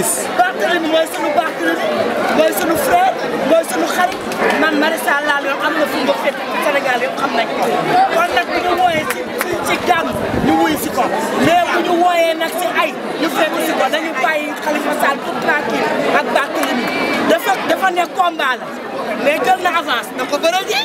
six. Barthélémy mooy sunu Barthélémy mooy sunu frère mooy sunu xarit man Marissa Laal yow am na fu nga fekk Sénégal yëpp xam nañ ko kon nag bu ñu wooyee ci ci gàmm ñu ko mais bu ñu wooyee nag ay ñu fekk si ko dañu bàyyi Khalifa Sall pour tranquille ak Barthélémy dafa dafa ne combat la mais jël na avance na ko bëre ji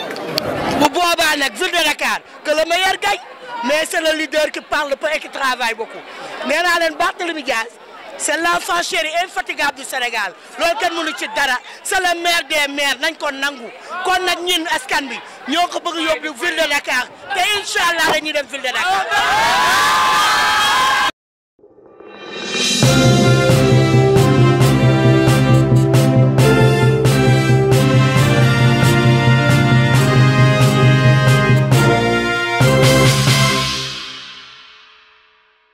bu boobaa nag de Dakar que le meilleur gagne mais c'est le leader qui parle peu et qui travaille beaucoup nee naa leen Barthélémy Diaz c'est l'enfant chéri infatigable du Sénégal loolu kenn mënu ci dara c'est le maire des maires nañ ko nangu kon nag ñun askan bi ñoo ko bëgg yóbbu ville de Dakar te incha allah dañuy dem ville de Dakar.